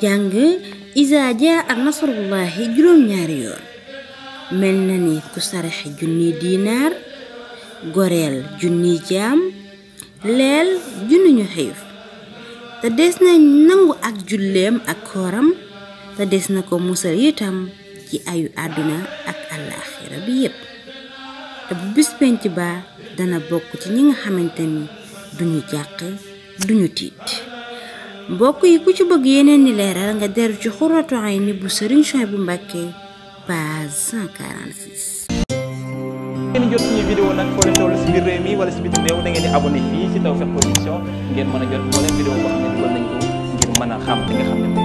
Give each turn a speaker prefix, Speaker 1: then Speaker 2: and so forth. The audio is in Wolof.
Speaker 1: jàng izaa jaa ak nasrullahi juróom-ñaari yoon mel na ni ku saraxe junniy diinaar goreel junniy jaam leel junni ñu xiif te des na nangu ak julleem ak kooram te des na ko musal itam ci ayu àdduna ak àllaaxira bi yépp te bu bis ba dana bokk ci ñi nga xamante ni duñu jàq duñu tiit mbokk yi ku ci bëgg yeneen ni leeral nga der ci xurratu ayni bu sëriñ Souhaïbou Mbacké page 146.
Speaker 2: ngeen jot suñu vidéo nag foo leen si biir réew mi wala si bitim réew da ngeen di abonné fii si Tawfekh Production ngeen mën a jot moo leen vidéo boo xam ne a xam nga xam ne